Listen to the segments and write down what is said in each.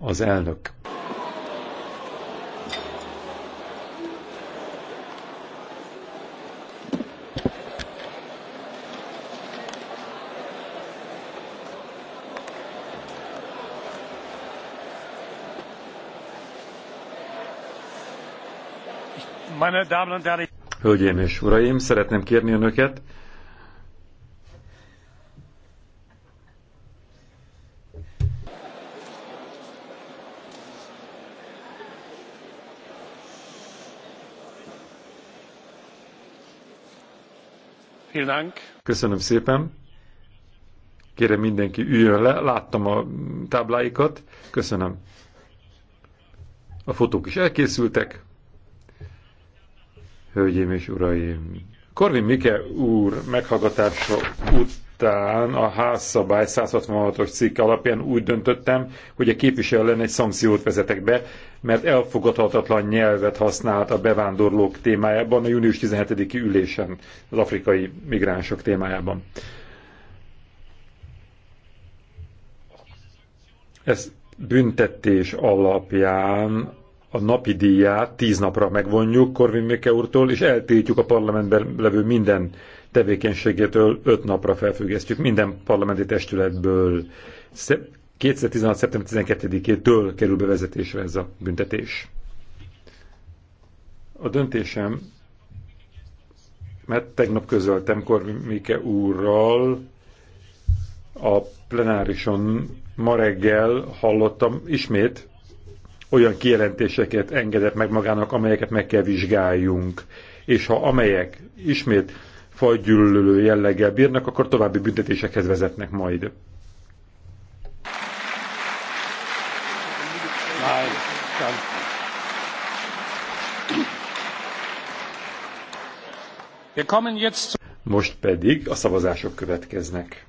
Az elnök. Hölgyeim és uraim, szeretném kérni önöket, Köszönöm szépen. Kérem mindenki üljön le, láttam a tábláikat. Köszönöm. A fotók is elkészültek. Hölgyeim és uraim! Korvin Mike úr meghallgatása után után a házszabály 166-os cikk alapján úgy döntöttem, hogy a képviselő ellen egy szankciót vezetek be, mert elfogadhatatlan nyelvet használt a bevándorlók témájában, a június 17-i ülésen, az afrikai migránsok témájában. Ez büntetés alapján a napi díját tíz napra megvonjuk Korvin Mike úrtól, és eltiltjuk a parlamentben levő minden tevékenységétől öt napra felfüggesztjük minden parlamenti testületből. 2016. szeptember 12-től kerül bevezetésre ez a büntetés. A döntésem, mert tegnap közöltem Korvin Mike úrral, a plenárison ma reggel hallottam ismét, olyan kijelentéseket engedett meg magának, amelyeket meg kell vizsgáljunk. És ha amelyek ismét fajgyűlölő jelleggel bírnak, akkor további büntetésekhez vezetnek majd. Most pedig a szavazások következnek.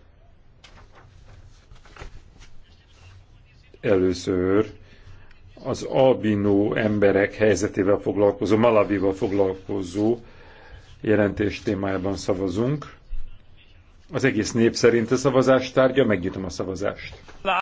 Először az albinó emberek helyzetével foglalkozó, Malavival foglalkozó jelentés témájában szavazunk. Az egész nép szerint a szavazás tárgya, megnyitom a szavazást.